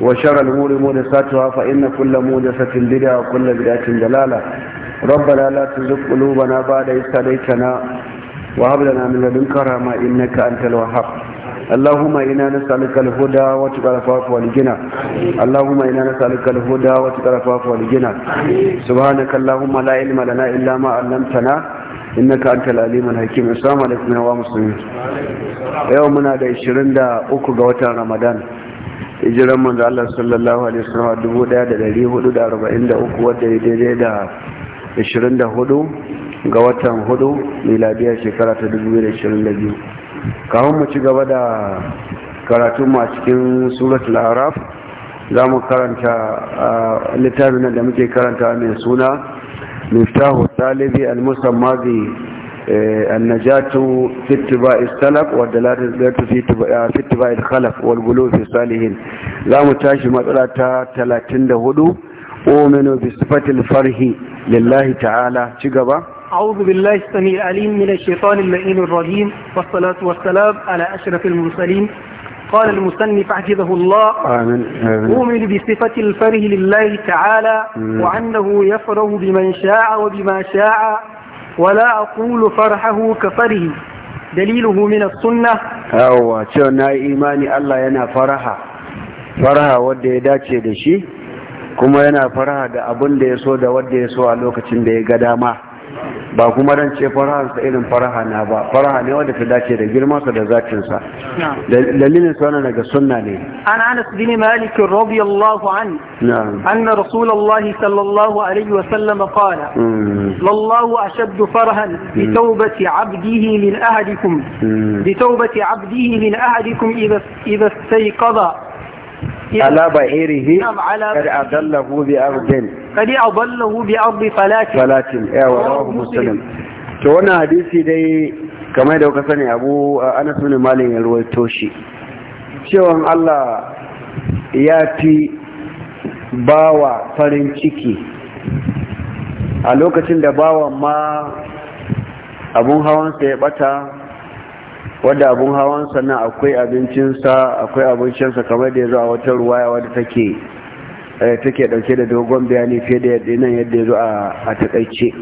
وشر الأمور مودساتها فإن كل مودسة بدعة وكل بدعة دلالة ربنا لا تزغ قلوبنا بعد إذ هديتنا وهب لنا من لدنك رحمة إنك أنت الوهاب اللهم إنا نسألك الهدى وتقى العفاف والغنى اللهم إنا نسألك الهدى وتقى العفاف والغنى سبحانك اللهم لا علم لنا إلا ما علمتنا innaka antal alimul hakim assalamu alaikum ya wa musulmi yau muna da 23 ga watan ramadan hijiran manzo Allah sallallahu alaihi wasallam dubu daya da dari hudu da arba'in da uku wadda ya daidai da ashirin da hudu ga watan hudu miladiyar shekara ta dubu da ashirin da biyu kawun mu ci gaba da karatun mu a cikin suratul araf za mu karanta littafin da muke karanta mai suna miftahu talibi al-musamma آه، النجاة في اتباع السلف والدلالة آه، في اتباع الخلف والغلو في الصالحين لا متاشي مسألة 34 أؤمن بصفة الفرح لله تعالى شكرا أعوذ بالله السميع العليم من الشيطان اللئيم الرجيم والصلاة والسلام على أشرف المرسلين قال المصنف حفظه الله آمين أؤمن بصفة الفرح لله تعالى وأنه يفرح بمن شاء وبما شاء ولا أقول فرحه كفره دليله من السنة أو تشونا إيماني الله ينا فرحة فرحة ودي داتشي دشي كما ينا fara da abin da ya so da wadda ya so a ba kuma dan ce farahansa irin faraha na ba faraha ne wanda ta dace da girmansa da zatinsa dalilin sa daga sunna ne an anas bin malik radiyallahu an anna rasulullahi sallallahu alaihi wa sallam qala lallahu hmm. ashadd farahan bi hmm. tawbati abdihi min ahadikum hmm. bi tawbati abdihi min ahadikum idha idha istayqadha على بعيره قد أضله بأرض قد أضله بأرض فلاة فلاة يا وراه مسلم to wannan hadisi dai kamar da kuka sani abu anas bin malik ya ruwaito shi cewan Allah ya fi bawa farin ciki a lokacin da bawan ma abun hawansa ya ɓata. wadda abun hawan sannan akwai abincinsa akwai abincinsa kamar da ya zo a wata ruwaya wadda take eh, take dauke da dogon bayani fiye da yadda nan yadda ya zo a takaice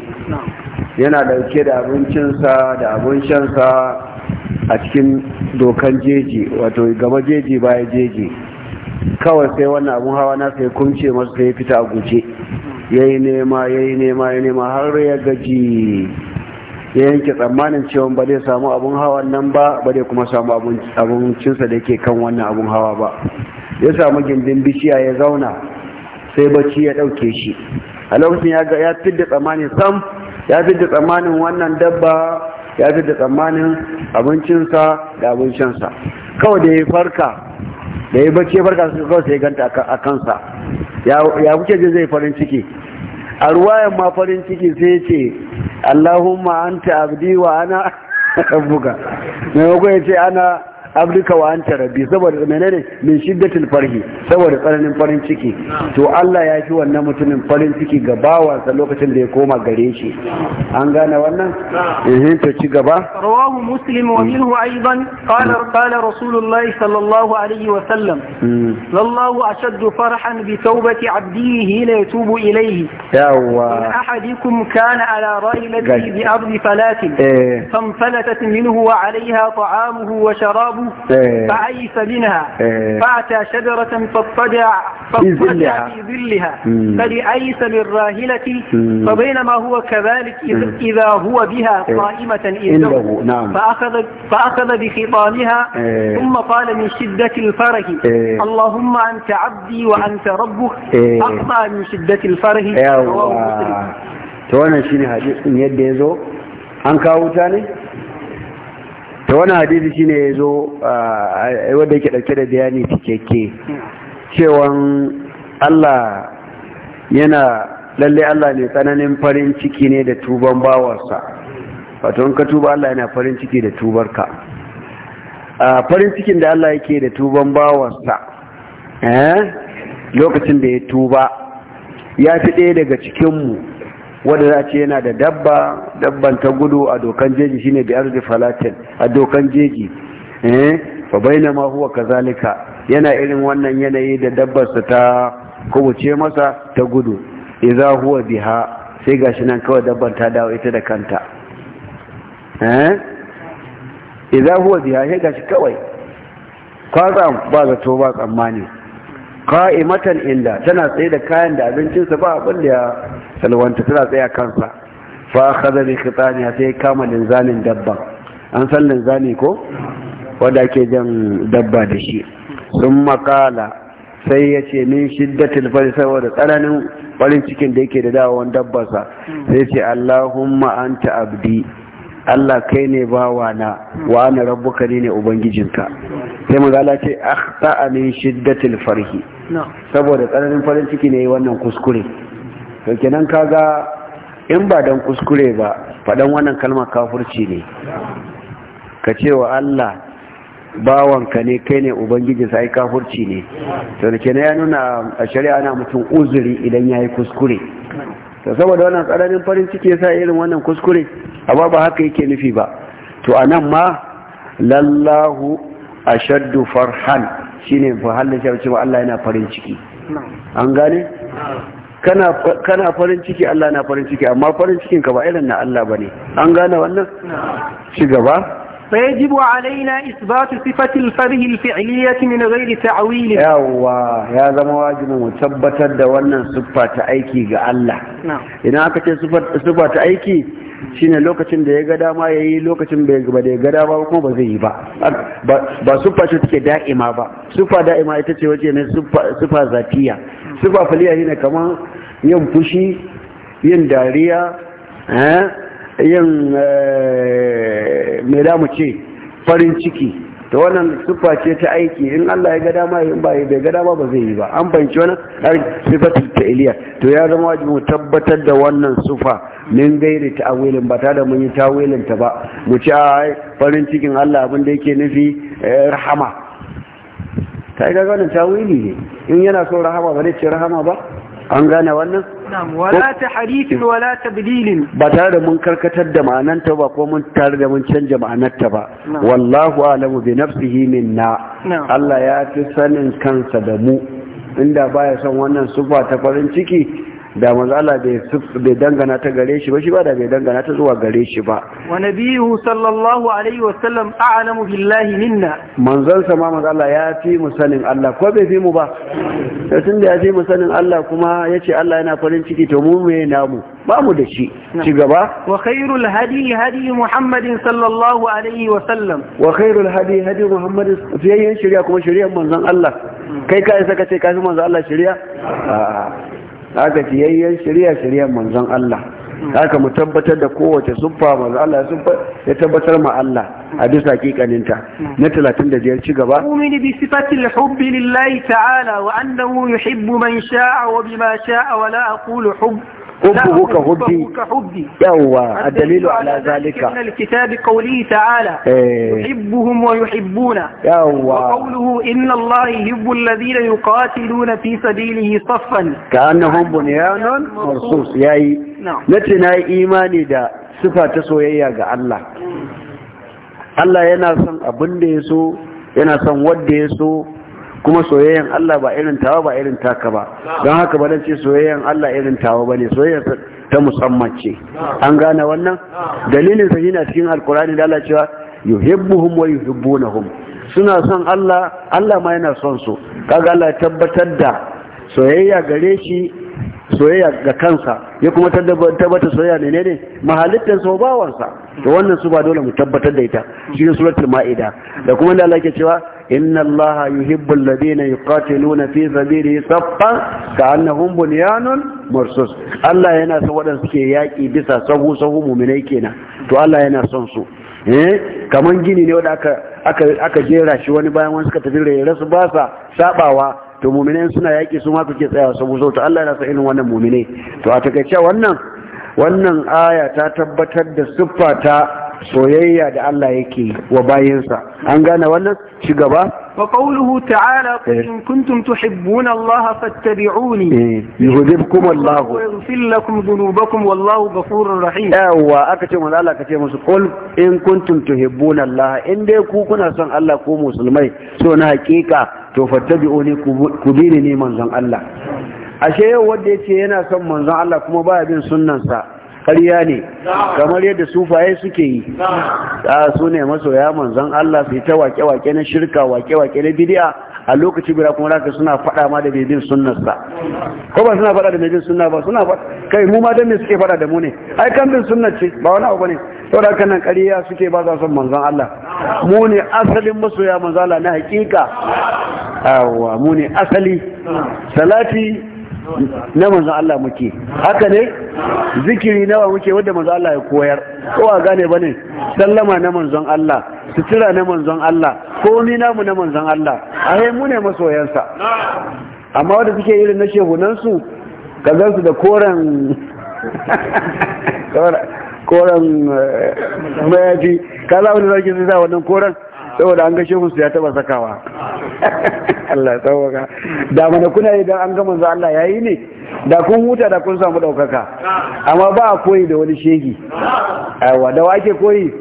yana dauke da abincinsa da abincinsa a cikin dokan jeji wato gaba jeji baya jeji kawai sai wannan abun hawa na sai kunce masu sai fita a guje ya yi nema ya yi nema ya nema har ya gaji ya yanke tsammanin cewa ba zai samu abun hawa nan ba ba zai kuma samu abincinsa da ke kan wannan abun hawa ba ya samu gindin bishiya ya zauna sai bacci ya ɗauke shi a lokacin ya fidda tsammanin sam ya fidda tsammanin wannan dabba ya fidda tsammanin abincinsa da abincinsa kawai da ya farka da ya bacci ya farka su kawai sai ganta a kansa ya kuke jin zai farin ciki a ruwayan ma farin ciki sai ce Allahumma anta abdi wa ana abuka maimakon ya ce ana abduka wa anta rabbi saboda menene min shiddatil farhi saboda tsananin farin ciki to Allah ya fi wannan mutumin farin ciki ga bawansa lokacin da ya koma gare shi an gane wannan eh to ci gaba rawahu muslim wa minhu aidan qala qala rasulullahi sallallahu alaihi wa sallam hmm. wallahu ashaddu farhan bi tawbati abdihi la yatubu ilayhi yawa ahadikum kana ala raylati bi ardi falatin فانفلتت منه وعليها wa وشرابه فاغترهم فأيس منها فأتى شجرة فاضطجع فاضطجع في ظلها قد أيس بالراهلة فبينما هو كذلك إذا هو بها قائمة إنه نعم. فأخذ, فأخذ بخطامها ثم قال من شدة الفرح اللهم أنت عبدي وأنت ربك أقطع من شدة الفرح رواه مسلم. to wannan shine hadisin yadda ya zo an kawo wuta ne ta wani hadisi shi ne ya zo wadda yake ɗauke da bayani cikakke cewan Allah yana lalle Allah ne tsananin farin ciki ne da tuban bawarsa wato ka tuba Allah yana farin ciki da tubarka farin cikin da Allah yake da tuban bawarsa eh, lokacin da ya tuba ya fi ɗaya daga cikinmu wanda za a ce yana da dabba dabban ta gudu a dokan jeji shine bi arzi falatin a dokan jeji eh fa bainama huwa kazalika yana irin wannan yanayi da dabbar sa ta kubuce masa ta gudu idza huwa biha sai gashi nan kawai dabban ta dawo ita da kanta eh idza huwa biha sai gashi kawai kwazan ba zato ba tsammani qa'imatan inda tana tsaye da kayan da abincinsa ba abin da ya salwanta tana tsaya kansa fa akhadha bi sai kama linzanin dabba an san linzani ko wanda ake jan dabba da shi sun makala sai ya ce min shiddatil fari saboda tsananin farin cikin da yake da dawowar dabbarsa sai ce allahumma anta abdi Allah kai ne bawa na wa ana rabbuka ne ubangijinka sai magala ce akhta min shiddatil farhi saboda tsananin farin ciki ne wannan kuskure to kenan kaga in ba dan kuskure ba faɗan wannan kalmar kafurci ne ka ce wa Allah bawanka ne kai ne ubangiji sai kafurci ne to da kenan ya nuna a shari'a na mutum uzuri idan ya yi kuskure to saboda wannan tsananin farin ciki ya sa irin wannan kuskure amma ba haka yake nufi ba to a nan ma lallahu shaddu farhan shine fa halin shi Allah yana farin ciki an gane kana farin ciki Allah na farin ciki amma farin cikin ka ba irin na Allah bane an gane wannan ci gaba فيجب علينا إثبات صفة min ghairi ta'wil Yawa ya zama wajibi mu tabbatar da wannan دوانا ta aiki ga Allah ina aka ce ta aiki shine lokacin da ya ga dama yayi lokacin bai ga da ga dama kuma ba zai yi ba ba siffa ce take da'ima ba siffa da'ima ita ce wace ne siffa zatiya sifa faliya shi ne kamar yin fushi yin dariya eh, yin eh, mai damu ce farin ciki ta wannan siffa ce ta aiki in Allah ya ga dama in ba bai gada ba ba zai yi ba an banci wani har ta iliya. to ya zama mu tabbatar da wannan siffa min gairi awilin ba tare da mun yi tawilin ta ba mu ci farin cikin Allah abin da yake nufi eh, rahama ta yi gaganin tawili ne in yana son rahama ba zai ce rahama ba an gane wannan wala ta harifin wala ta bililin ba tare da mun karkatar da ma'ananta ba ko mun tare da mun canja ma'anarta ba wallahu alamu bi nafsihi minna Allah ya fi sanin kansa da mu inda baya son wannan sufa ta farin ciki da manzala bai dangana ta gare shi ba shi ba da bai dangana ta zuwa gare shi ba wa Nabiyu sallallahu alaihi wa sallam a'lamu billahi minna manzon sa ma manzo ya fi mu sanin Allah ko bai fi mu ba to tunda ya fi mu sanin Allah kuma yace Allah yana farin ciki to mu me namu ba mu da shi ci gaba wa khairul hadi hadi muhammadin sallallahu alaihi wa sallam wa khairul hadi hadi muhammadin fiyayyen shari'a kuma shari'a manzon Allah mm. kai ka isa ka ce ka fi manzon Allah shari'a haka fiyayyen shirya shiryen manzon Allah haka mu tabbatar da kowace sufa manzon Allah ya tabbatar ma Allah a bisa hakikaninta na 35 ci gaba mu'mini bi sifati al-hubb lillahi ta'ala wa annahu yuhibbu man sha'a wa bima sha'a wa la aqulu hubb حبه كحبي يوا الدليل على ذلك من الكتاب قوله تعالى يحبهم ويحبون يوا وقوله إن الله يحب الذين يقاتلون في سبيله صفا كأنهم بنيان مرصوص ياي نتنا إيماني دا صفة تسويا يا الله الله yana son abin da ya so yana son wadda ya kuma soyayyan Allah ba irin tawa ba irin taka ba don haka ba ce soyayyan Allah irin tawa ba ne soyayya ta musamman ce an gane wannan dalilin sa shine cikin alkurani da Allah cewa yuhibbuhum wa yuhibbunahum suna son Allah Allah ma yana son su kaga Allah ya tabbatar da soyayya gare shi soyayya ga kansa ya kuma tabbata soyayya ne ne mahalittar sa bawansa to wannan su ba dole mu tabbatar da ita cikin suratul maida da kuma da Allah ke cewa إن الله يحب الذين يقاتلون في سبيله صفا كأنهم بنيان مرصوص الله yana son waɗanda suke yaƙi bisa sahu sahu muminai kenan to Allah yana son su eh kaman gini ne wanda aka aka aka jera shi wani bayan wani suka tafi rere su ba sa sabawa to muminai suna yaƙi su ma suke tsayawa sahu sahu to Allah yana son irin wannan muminai to a takaice wannan wannan aya ta tabbatar da siffa ta soyayya da Allah yake wa bayansa an gane wannan shi gaba تعالى إن كنتم تحبون الله فاتبعوني يهدبكم الله ويغفر لكم ذنوبكم والله غفور رحيم ايوا akace mun Allah kace musu qul in kuntum tuhibbuna Allah in dai ku kuna son Allah ko musulmai so na hakika to fattabi'uni ku bi ni manzon Allah ashe yau wanda ce yana son manzon Allah kuma ba bin sunnansa ƙarya ne kamar yadda sufaye suke yi a ah, su ne masoya manzan Allah su yi ta wake-wake na shirka wake-wake na bidiya a lokaci guda kuma raka suna faɗa ma da bebin bin ko ba suna faɗa da bebin bin ba suna faɗa kai mu ma don me suke faɗa da mu ne ai kan bin sunnar ce ba wani abu ne saboda haka nan ƙarya suke ba za son manzan Allah mu ne asalin masoya manzon Allah na hakika awa mu ne asali salati na manzon Allah muke haka ne zikiri nawa muke wanda manzon Allah ya koyar ko a gane bane sallama na manzon Allah sutura na manzon Allah ko ni namu na manzon Allah ahe mu ne masoyansa amma wanda suke irin na shehunan su kazan su da koren koran eh, mayafi kaza wani zaki zai wannan koren saboda an ga shehu su ya taba sakawa Allah tsawaka da mana kuna idan an ga manzo Allah yi ne da kun huta da kun samu daukaka amma ba a koyi da wani shegi aiwa da wake koyi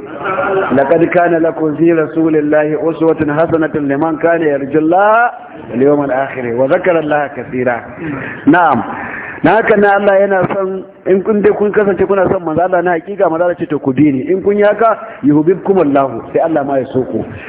laqad kana lakum fi rasulillahi uswatun hasanatun liman kana yarjullah Allah wal akhir wa zakara Allah kaseera na'am na haka na Allah yana son in kun dai kun kasance kuna son manzo Allah na hakika manzo Allah ce to ku bi ni in kun yi haka yuhibbukum Allah sai Allah ma ya so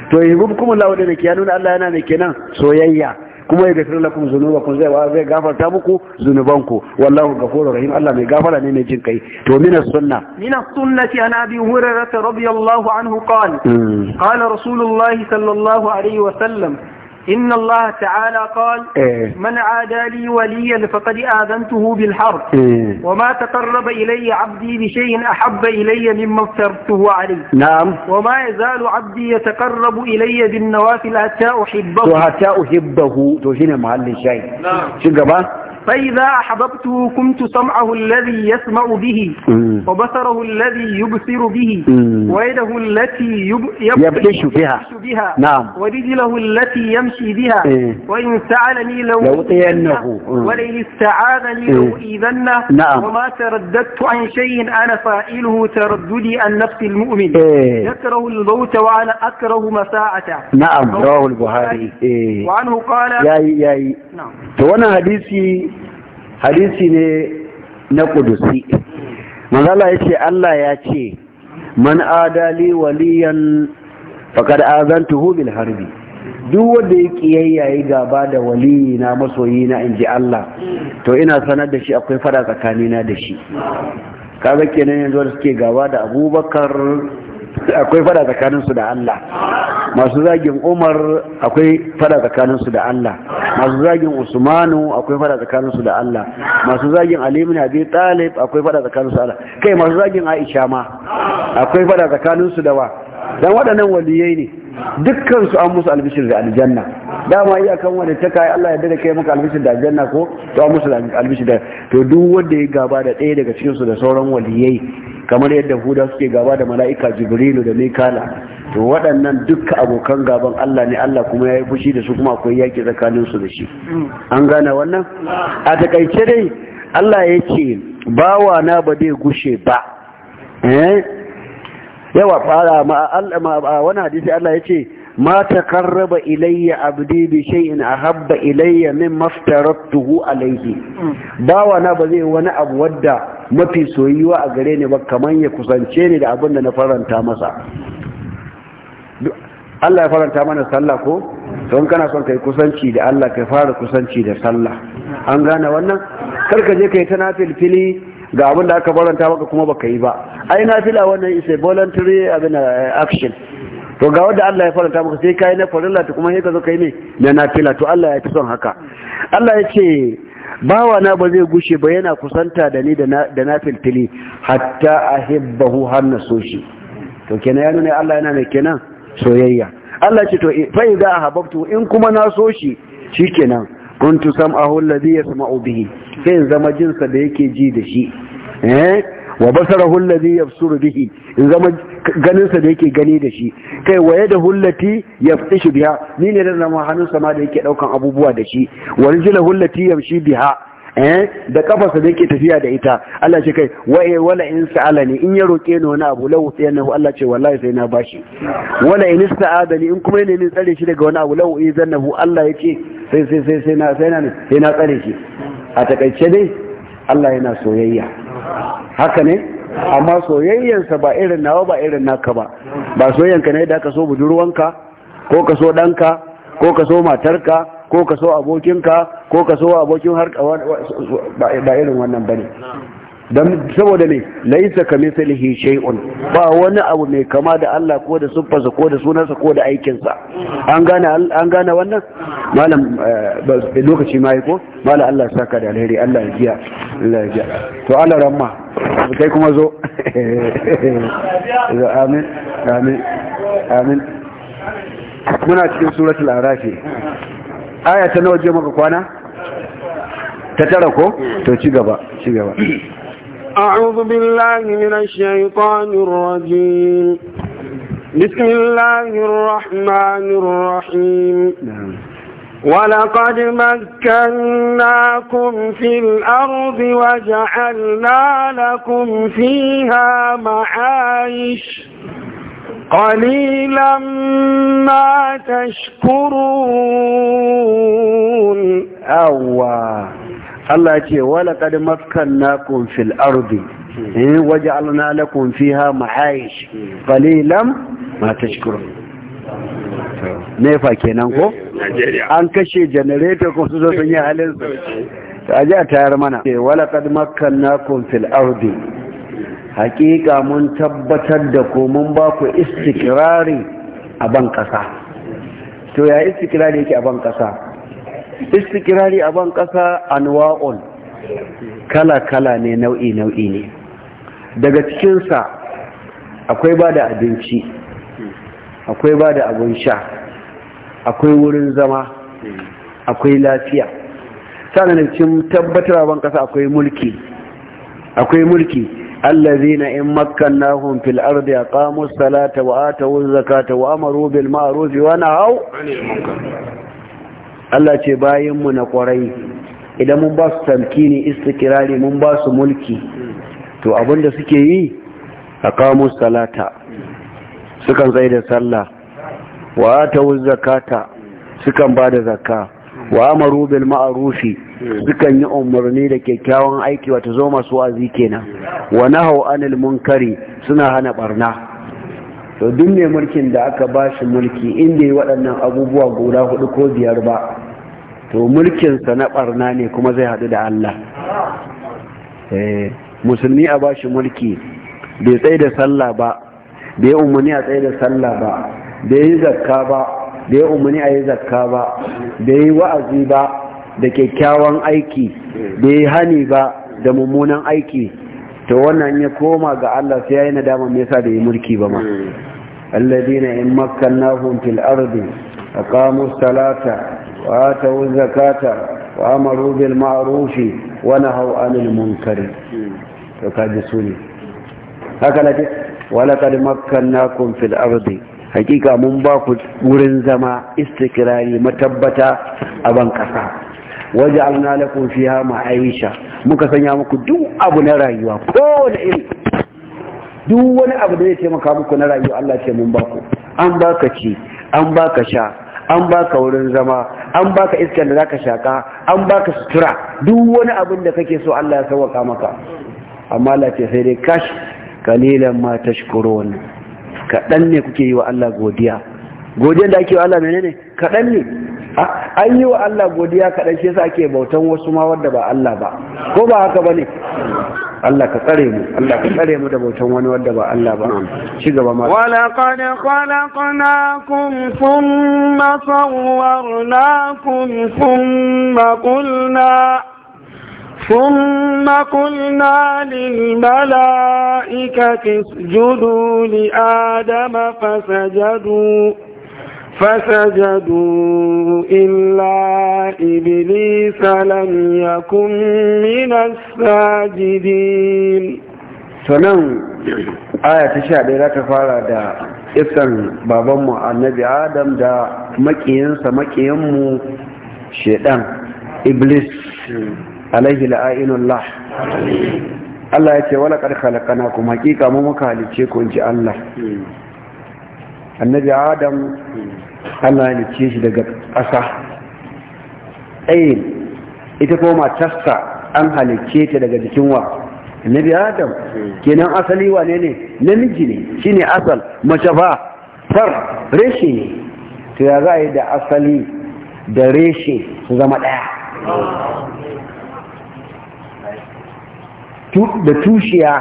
to yuhibbukum Allah da ne ke Allah yana ne kenan soyayya kuma ya gafir lakum zunubakum zai zai gafarta muku zunubanku wallahu ghafurur rahim Allah mai gafara ne mai jin kai to min sunna min as-sunnati an abi hurairah radiyallahu anhu qala hmm. qala rasulullah sallallahu alaihi wa sallam إن الله تعالى قال إيه من عادى لي وليا فقد آذنته بالحرب إيه وما تقرب إلي عبدي بشيء أحب إلي مما افترضته عليه نعم وما يزال عبدي يتقرب إلي بالنوافل حتى أحبه حتى أحبه توشين معلم شيء نعم شو فإذا أحببته كنت سمعه الذي يسمع به وبصره الذي يبصر به ويده التي يبطش بها, بها نعم ورجله التي يمشي بها إيه. وإن سعلني لو لأعطينه ولئن استعاذني إيه. لأؤيذنه نعم وما ترددت عن شيء أنا فائله ترددي عن نفس المؤمن إيه. يكره الموت وأنا أكره مساعته نعم رواه البخاري وعنه قال يا يا نعم فوانا حديثي hadisi ne na kudusi manzala ya ce Allah ya ce man adali waliyan faƙar azantuhu bil harbi duk wanda ya yi gaba da waliyi na masoyi na in ji Allah to ina sanar da shi akwai fara tsakanina da shi Ka kaga kenan yanzu da suke gaba da abubakar akwai fada tsakaninsu da Allah masu zagin Umar akwai fada tsakaninsu da Allah masu zagin Usmanu akwai fada tsakaninsu da Allah masu zagin Ali ibn Abi Talib akwai fada tsakaninsu da Allah kai masu zagin Aisha ma akwai fada tsakaninsu da wa dan waɗannan waliyai ne dukkan su an musu albishir da aljanna dama kan wanda ta kai Allah ya dade kai maka albishir da aljanna ko to an musu albishir da to duk wanda ya gaba da ɗaya daga cikin su da sauran waliyai kamar yadda huda suke gaba da mala'ika jibrilu da mikala to waɗannan dukka abokan gaban Allah ne Allah kuma ya yi fushi da su kuma akwai yaƙi tsakaninsu da shi an gane wannan a takaice dai Allah ya ce bawa na ba zai gushe ba eh? yawa fara wani hadisi Allah ya ce ma taqarraba ilayya abdi bi shay'in ahabba ilayya min maftaratuhu alayhi mm. bawa na ba zai wani abu wadda mafi soyuwa a gare ni ba kamar ya kusance ni da abin da na faranta masa Allah ya faranta mana sallah ko don kana son kai kusanci da Allah kai fara kusanci da sallah an gane wannan karka je kai ta nafil fili ga abin da aka faranta maka kuma baka yi ba ai nafila wannan is a voluntary abin eh, action to ga wanda Allah ya faranta maka sai kai na farilla to kuma sai ka zo kai ne na nafila to Allah ya fi son haka Allah ya ce bawana ba zai gushe ba yana kusanta da ni da na filfili hatta ahibbahu har na so shi to kenan ya nuna Allah yana mai kenan soyayya Allah ce to fa idza ahabbtu in kuma na so shi kenan kuntu sam'ahu alladhi yasma'u bihi sai zama jinsa da yake ji da shi eh wa basara zai ya suru bihi in zama ganin da yake gani da shi kai waye da wa ya fi shi biha ni ne da zama hannun ma da yake daukan abubuwa da shi wa rijluhu ya yamshi biha eh da kafarsa da yake tafiya da ita Allah ce kai wa e, wala in sa'alani in ya roke ni wani abu lahu nahu Allah ce wallahi sai na bashi wala in ista'adani in kuma ne ni tsare shi daga wani abu lahu izannahu Allah yace sai sai sai sai na sai na sai na tsare shi a takaice dai Allah yana soyayya haka ne amma soyayyansa ba irin nawa ba irin naka ba ba soyayyanka ne da ka so budurwanka ko ka so ɗanka ko ka so matarka ko ka so abokinka ko ka so abokin har ba irin wannan bane don saboda ne laisa ka misalihi shay'un ba wani abu mai kama da Allah ko da siffarsa ko da sunansa ko da aikinsa an gane an gane wannan malam eh, lokaci mai ko malam Allah ya saka da alheri Allah ya jiya Allah ya jiya to Allah ramma kai kuma zo amin amin amin muna cikin suratul arafi aya ta nawa je maka kwana ta tara ko to ci gaba ci gaba أعوذ بالله من الشيطان الرجيم بسم الله الرحمن الرحيم نعم. ولقد مكناكم في الأرض وجعلنا لكم فيها معايش قليلا ما تشكرون أواه Allah ce wala kad makkannakum fil ardi Waje eh waja'alna lakum fiha ma'aish qalilan ma tashkurun nefa kenan ko an kashe generator ko su zo sun yi halin su a ji a tayar mana eh, wala kad makkannakum fil ardi hakika mun tabbatar da ku mun ba ku istikrari a ban kasa to ya istikrari yake a ban kasa istikirari a ban ƙasa anwa'un kala-kala ne nau'i-nau'i ne daga cikinsa akwai ba da abinci akwai ba da abin sha akwai wurin zama akwai lafiya da cikin tabbatar ban kasa akwai mulki akwai mulki الذين إن مكناهم في الأرض أقاموا الصلاة وآتوا الزكاة وأمروا بالمعروف ونهوا عن hau! Allah ce bayanmu na kwarai idan mun ba su tamkini istikirari mun ba su mulki to abinda suke yi a kawo salata sukan tsaye da sallah wa atawuz zakata sukan ba da zakka wa amaru bil ma'rufi sukan yi umarni da kyakkyawan aiki wata zo masu wazi kenan wa nahau anil munkari suna hana barna to duk mai mulkin da aka ba shi mulki inda yi waɗannan abubuwa guda hudu ko biyar ba to mulkinsa na ɓarna ne kuma zai haɗu da Allah eh, musulmi a ba shi mulki bai tsaye da sallah ba bai umarni a tsaye da sallah ba bai yi zakka ba bai umarni a yi zakka ba bai yi wa'azi ba da kyakkyawan aiki bai yi hani ba da mummunan aiki to wannan ya koma ga Allah sai yayi nadama me yasa da yi mulki ba ma hmm. alladina in makkannahum fil ardi aqamu salata wa atu zakata wa amaru bil ma'ruf wa nahaw anil munkar hmm. to kaji sune haka lake wala kad makkannakum fil ardi hakika mun ba ku wurin zama istikrari matabbata a ban kasa waj'alna lakum fiha ma'aisha muka sanya muku duk abu na rayuwa ko da iri duk wani abu da zai taimaka muku na rayuwa Allah ce mun baku an baka ci an baka sha an baka wurin zama an baka iskar da zaka shaka an baka sutura duk wani abin da kake so Allah ya sauka maka amma Allah ce sai dai kash kalilan ma tashkurun kadan ne kuke yi wa Allah godiya godiyar da ake wa Allah menene kadan ne an yi wa Allah godiya kaɗan shi yasa ake bautan wasu ma wadda ba Allah ba ko ba haka ba ne Allah ka tsare mu Allah ka tsare mu da bautan wani wadda ba Allah ba ci gaba ma wala qad khalaqnakum thumma sawwarnakum thumma qulna ثم قلنا للملائكة اسجدوا لآدم فسجدوا فسجدوا إلا إبليس لم يكن من الساجدين ɗaya za ta fara da isan babanmu annabi adam da makiyinsa makiyanmu shedan iblis alaihi la'inullah Allah ya ce wala kad khalaqnakum haqiqa mu muka halice ku ji Allah annabi adam ana nice shi daga ƙasa tsayin ita ko matarsa an halicce ta daga jikin wa annabi adam kenan asali wane ne namiji ne shine asal mace ba far reshe ne to ya za yi da asali da reshe su zama ɗaya da tushiya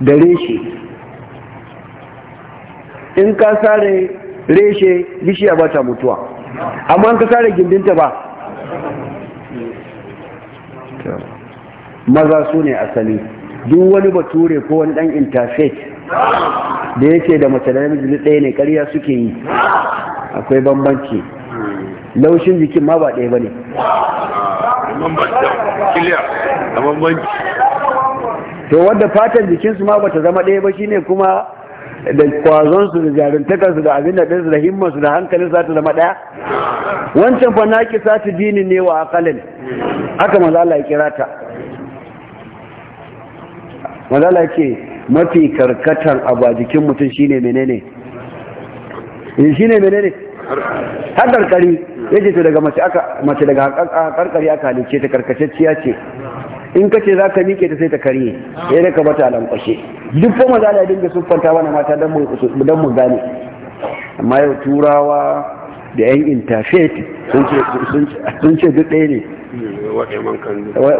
da reshe in ka sare reshe bishiya ba ta mutuwa amma in ka sare gindinta ba maza su ne asali duk wani bature ko wani dan interface da yake da mace da namiji ɗaya ne ƙarya suke yi akwai bambanci laushin jikin ma ba ɗaya ba ne to wadda fatan jikinsu ma bata zama ɗaya ba shine kuma da su da su da abin da su da su da hankalin za ta zama ɗaya wancan fa naki sati dini ne wa akalin aka mazala ya kira ta mazala ce mafi karkatar abu a jikin mutum shine menene eh, shine menene har karkari ya ce to daga mace daga karkari aka halice ta karkacacciya ce in ka ce za ka miƙe ta sai ta karye ya da ka bata lankwashe duk fa maza da dinga siffanta wani mata don mu dan gane amma yau turawa da yan interfaith sun ce duk ɗaya ne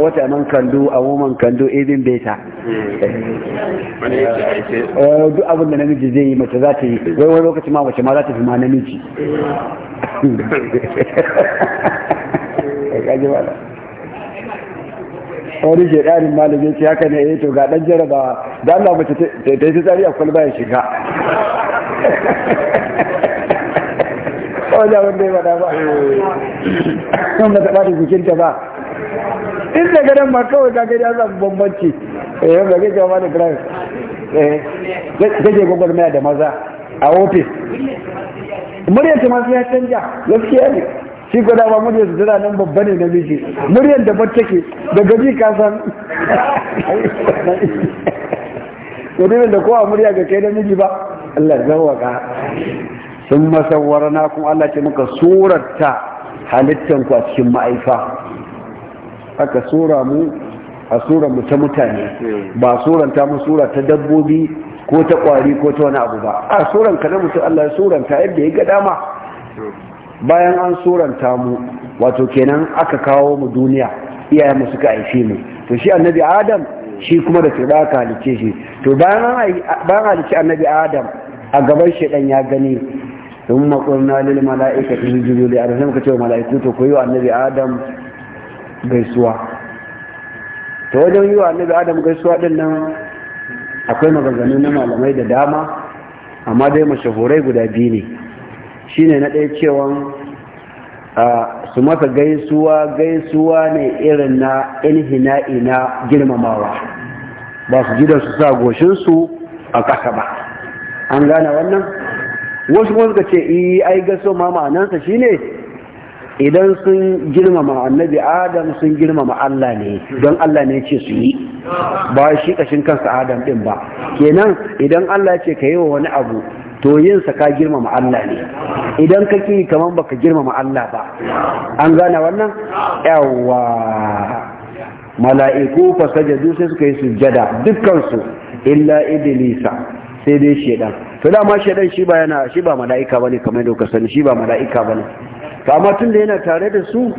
wata man kando a woman kandu idin beta eh, duk abin da namiji zai yi mace za ta yi wai wani lokaci ma mace ma za ta fi ma namiji wani ke shaidanin malamin ce haka ne ya eh, to ga ɗan jarabawa da Allah mace ta yi tsari a kwalba ya shiga wanda wanda ya wada ba ba ta bada jikinta ba in da ganin ma kawai ta gani an samu bambanci eh wanda ke jawa da drive eh gaje gwagwarmaya da maza a ofis muryar ta masu ya canja gaskiya ne shi ko dama muryar su tana nan babba ne na miji muryar da ke da gaji ka san mutumin da kowa murya ga kai da miji ba Allah ya ka sun masawar na kuma Allah ce muka surarta halittanku a cikin ma'aifa aka sura mu a sura mu ta mutane ba suranta mu sura ta dabbobi ko ta kwari ko ta wani abu ba a suran ka na mutum Allah ya suranta yadda ya ga dama bayan an suranta mu wato kenan aka kawo mu duniya iyayen mu suka haife mu to shi annabi adam shi kuma da tsira ka halice shi to bayan halice annabi adam a gaban shaidan ya gani sun makurna lil mala'ika ta jirgin da arzikin muka cewa mala'iku to ku yi wa annabi adam gaisuwa ta wajen yi wa annabi adam gaisuwa din nan akwai maganganu na malamai da dama amma dai mashahurai guda biyu ne Shi ne na ɗaya cewa su masa gaisuwa gaisuwa ne irin na inhina'i na girmamawa ba su ji da su sa goshinsu a ƙasa ba an gane wannan wasu kuma suka ce iya ai gaso ma ma'anansa shi ne. idan sun girmama annabi adam sun girmama Allah ne don Allah ne ce su yi ba shi kashin kansa adam din ba kenan idan Allah ce ka yi wa wani abu to yin sa ka girmama Allah ne idan ka ki kaman baka girmama Allah ba an gane wannan yawa mala'iku fa sajadu sai suka yi sujada dukkansu illa iblisa sai dai shedan to dama shedan shi ba yana shi ba mala'ika bane kamar yadda kuka sani shi ba mala'ika bane to amma tunda yana tare da su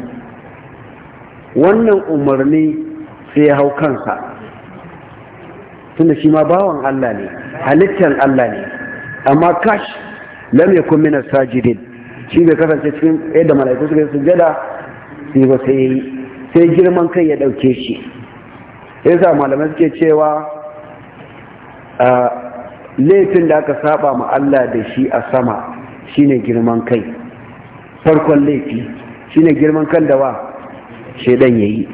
wannan umarni sai ya hau kansa tunda shi ma bawan Allah ne halittar Allah ne amma kash lam yakun min sajidin shi bai kasance cikin yadda mala'iku suka sujada sujjada sai ba sai sai girman kai ya dauke shi yasa malamai suke cewa laifin da aka saba ma Allah da shi a sama shine girman kai farkon laifi shine girman kan da wa shedan yayi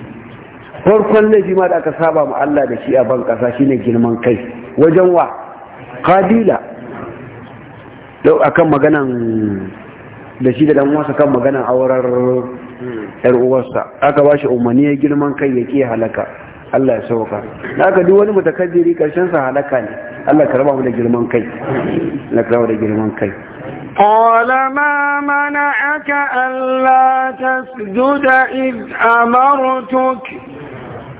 farkon laifi ma da aka saba ma Allah da shi a ban kasa shine girman kai wajen wa qadila akan maganan da shi da dan wasa kan maganan aurar yar uwarsa aka bashi umarni ya girman kai ya ke halaka Allah ya sauka na haka duk wani mutakabbiri karshen sa halaka ne Allah ka raba mu da girman kai na ka raba da girman kai قال ما منعك ألا تسجد إذ أمرتك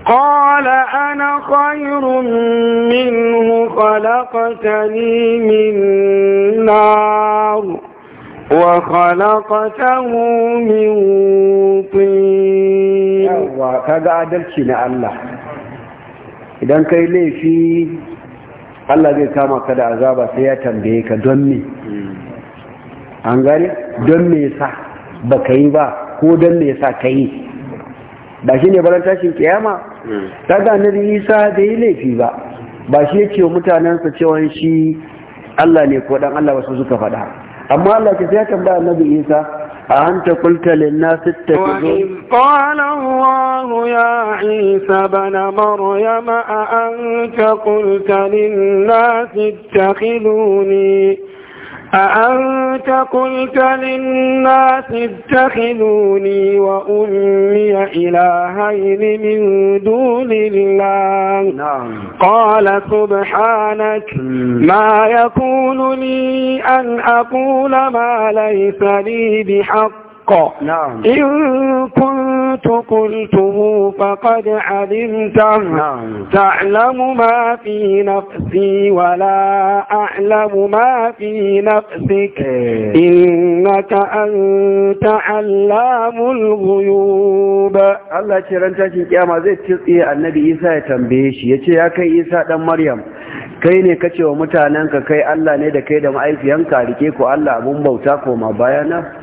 قال أنا خير منه خلقتني من نار وخلقته من طين كذا عدلتي مع الله idan kai laifi Allah zai kama ka da azaba sai ya tambaye ka don me an gane don me yasa baka yi ba ko don me yasa ka yi ba shi ne baran tashin kiyama daga hmm. annabi isa da yi laifi ba ba shi ya ce wa mutanensa cewa shi allah ne ko dan allah wasu suka faɗa amma allah ke sai tambaya annabi isa A hanta أأنت قلت للناس اتخذون وإذ قال الله يا عيسى بن مريم أأنت قلت للناس اتخذوني أأنت قلت للناس اتخذوني وأمي إلهين من دون الله نعم. قال سبحانك ما يكون لي أن أقول ما ليس لي بحق نعم. إن كنت كنت قلته فقد علمته تعلم ما في نفسي ولا أعلم ما في نفسك إنك أنت علام الغيوب الله كيران تاكي كياما زي تسقي النبي إيسا يتنبيش يتي يا كي إيسا دم مريم kai ne kace wa mutanenka kai Allah ne da kai da ma'aikiyanka rike ku Allah abun bauta ko koma bayana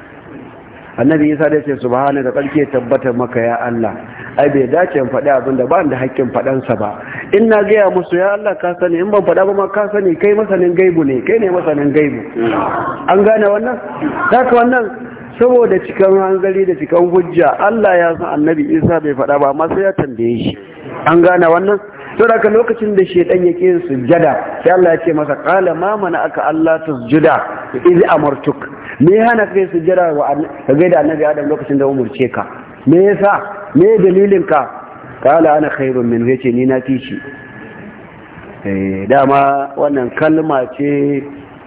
annabi isa da ce subhana da tsarki tabbatar maka ya Allah ai bai dace in faɗi abin da ba da hakkin faɗansa ba in na gaya musu ya Allah ka sani in ban faɗa ba ma ka sani kai masanin gaibu ne kai ne masanin gaibu an gane wannan haka wannan saboda cikan hanzari da cikan hujja Allah ya san annabi isa bai faɗa ba amma sai ya tambaye shi an gane wannan To haka lokacin da shedan ya ƙi sujjada sai Allah ya ce masa qala ma mana aka Allah tasjuda idh amartuk me hana kai sujjada wa ka da annabi adam lokacin da umurce ka me yasa me dalilin ka kala ana khairun min yace ni na fishi eh dama wannan kalma ce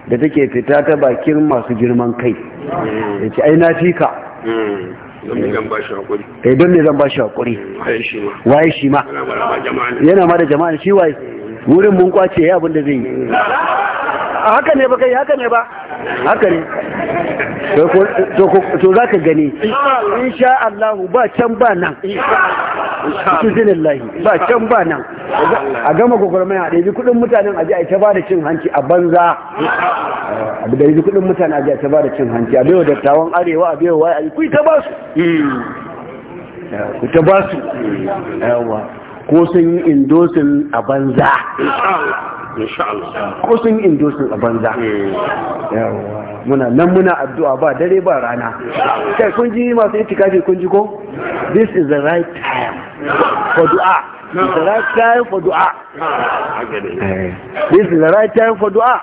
da take fita ta bakin masu girman kai hmm. yace ai na ka. Hmm. don ne zan ba shi hakuri eh, don ne zan ba shi hakuri waye shi ma yana ma da jama'a shi waye wurin mun kwace ya abinda zai yi haka ne ba kai haka ne ba haka ne to za ka gani insha Allah ba can ba nan izinillahi ba can ba nan a gama gwagwarmaya a bi kudin mutanen aji a ta ba da cin hanci a banza a ɗabi kudin mutanen aji a ta ba da cin hanci a baiwa dattawan arewa a baiwa waya hmm. ku ta ba su ku ta ba hmm. su yawa ko sun yi indosin a banza ko sun yi indosin a banza hmm. muna nan muna addu'a ba dare ba rana kai kun ji masu yi itikafi kun ji ko this is the right time for du'a this is the right time for du'a ah, eh. this is the right time for du'a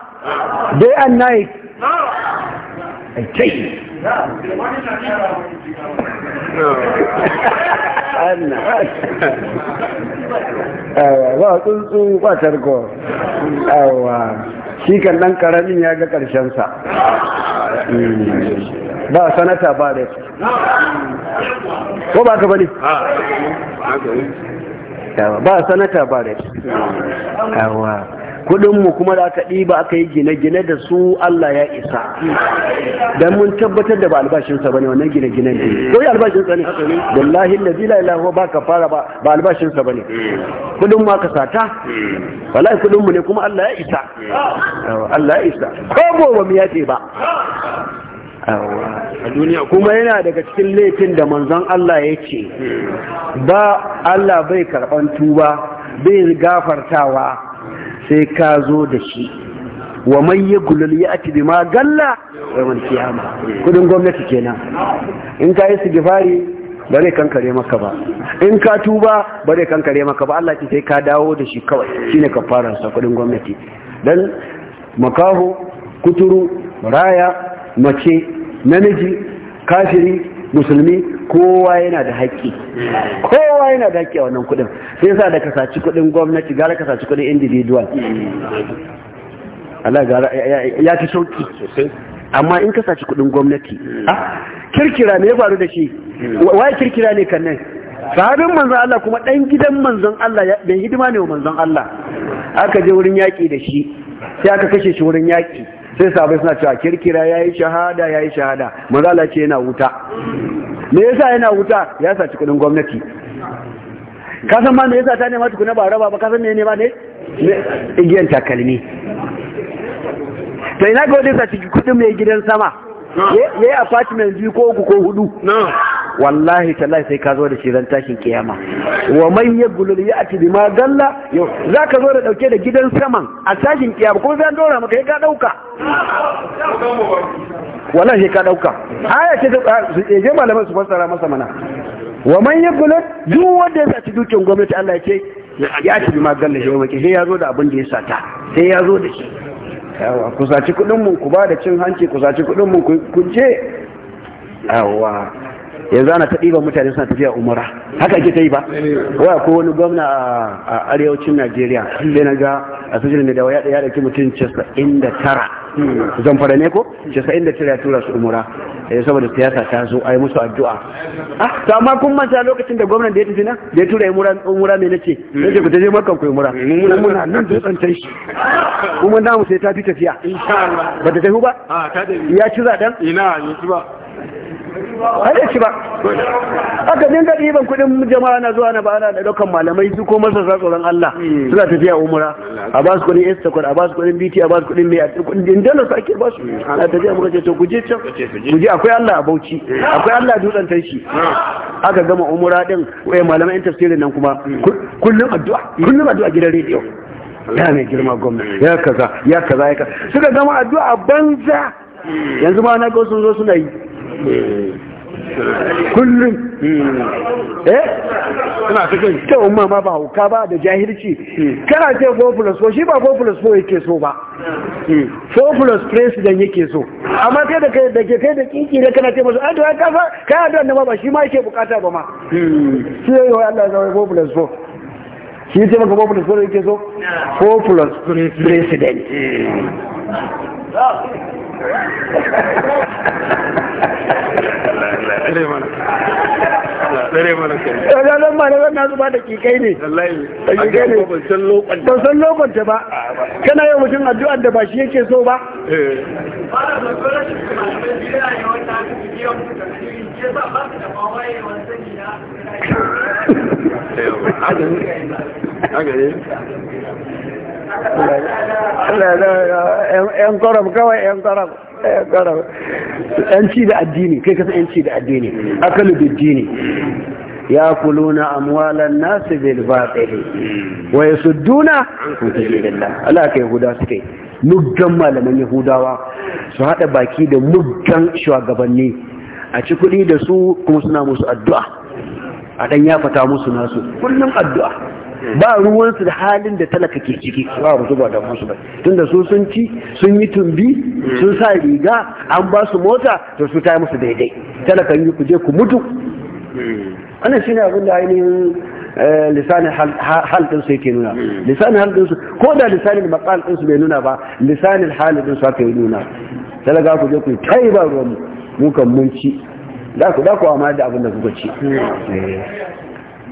day and night I tell you ba tsuntsu ba tarko shi kan dan karamin ya ga karshensa hmm. ba sanata ba da ko ba ka bane ba sanata ba da mu kuma da aka ɗiba aka yi gine-gine da su Allah ya isa dan mun tabbatar da ba albashinsa ba ne wannan gine-gine ne ko ya albashinsa ne wallahi da zila ila ba baka fara ba ba albashinsa kudin mu aka sata wallahi kudin mu ne kuma Allah ya isa Allah ya isa ko ba mu yace ba a duniya kuma yana daga cikin laifin da manzon Allah ya ce ba Allah bai karban tuba bai gafartawa sai ka zo da shi wa man yaghlul ya'ti bima galla wa man kiyama kudin gwamnati kenan in ka yi sigifari ba zai kankare maka ba in ka tuba ba zai kankare maka ba Allah ce sai ka dawo da shi kawai shine fara sa kudin gwamnati dan makaho kuturu raya mace namiji kafiri musulmi kowa yana da haƙƙi kowa yana da haƙƙi a wannan kuɗin sai yasa da kasaci kuɗin gwamnati gara kasaci kuɗin individual Allah gara ya fi sauki amma in kasaci kuɗin gwamnati kirkira ne ya faru da shi wai kirkira ne kan nan sahabin manzon Allah kuma ɗan gidan manzon Allah da hidima ne wa manzon Allah aka je wurin yaƙi da shi sai aka kashe shi wurin yaƙi sai sahabai suna cewa kirkira ya yi shahada ya yi shahada manzon Allah ce yana wuta me yasa yana wuta ya saci kudin gwamnati ka ma me yasa ta nema tukuna ba raba ba ka san me nema ne igiyan takalmi to ina ga saci kudin mai gidan sama ya yi apartment biyu ko uku ko hudu wallahi tallahi sai ka zo da shi ran tashin kiyama wa man yabghul ya'ti bima dalla za ka zo da dauke da gidan saman a tashin kiyama ko zan dora maka ka dauka wallahi ka dauka aya ce eh, je malaman su fassara masa mana wa man yaqulu duk wanda ya saci dukin gwamnati Allah ya ce ya ci bima dalla shi wa maki sai ya zo da abin da ya sata sai ya zo da shi yawa ku saci kuɗin mu ku ba da cin hanci ku saci kuɗin mu ku je yawa yanzu ana ta ɗiban mutane suna tafiya umara haka ake ta yi ba waya ko wani gwamna a arewacin najeriya sai na ga a sojin da dawa ya ɗaya mutum casa'in da tara zamfara ne ko casa'in da tara ya tura su umara ya eh, saboda siyasa ta zo a yi musu addu'a ah to amma kun manta lokacin da gwamnan da ya tafi nan da ya tura umara umara ne nace nace ku taje makkan ku umara mun muna nan dutsen tai kuma namu sai ta fi tafiya insha Allah ba ta tafi ba ah, ya ci zaɗen? ina ya ci ba har shi ba aka dinga ɗiban kuɗin jama'a na zuwa na ba ana ɗaukan malamai su ko masarsa tsoron Allah suna tafiya umura a ba su kuɗin instacon a ba su kuɗin bt a ba su kuɗin mai a kuɗin dala su ake ba su na tafiya muka ce to guje can Guje akwai Allah a bauchi akwai Allah a dutsen tashi. aka gama umura din wai eh, malamai yan tafsirin nan kuma kullum addu'a kullum addu'a gidan rediyo ya mai girma gwamna ya kaza ya kaza ya kaza suka gama addu'a banza yanzu ma na ga sun zo suna yi kullum eh ina cikin kyau ma ba hauka ba da jahilci kana ce 4 plus 4 shi ba 4 plus 4 yake so ba 4 plus president yake so amma kai da kai da ke kai da kinki ne kana ce musu ah, ai da ka fa kai addu'a na ba shi ma yake bukata ba ma shi ne wai Allah ya zama 4 plus 4 shi ce maka 4 plus 4 yake so 4 plus president eh. Tsananan malaman na zuba da kikai ne. Kikai ne. Ba san lokwanta ba. Kana yau mutum addu'ar da ba shi yake so ba. Haka yan kwarab kawai yan kwarab yanci da addini kai kasa yanci da addini akalu da addini ya kuluna amwalan nasu bil batili wa yasudduna an sabilillah Allah yahuda huda suke muggan malaman yahudawa su haɗa baki da muggan shugabanni a ci kuɗi da su kuma suna musu addu'a a ɗan ya fata musu nasu kullum addu'a ba ruwansu da halin da talaka ke ciki ba su ba da musu ba tunda su sun ci sun yi tumbi sun sa riga an ba su mota to su ta musu daidai talaka yi ku je ku mutu shi ne abin da ainihin eh, lisanin hal su yake nuna lisanin hal su ko da lisanin maqal din su bai nuna ba lisanin halin din su aka yi nuna talaga ku je ku kai ba ruwan mu kan mun ci da ku da ku amma da abin da kuka ci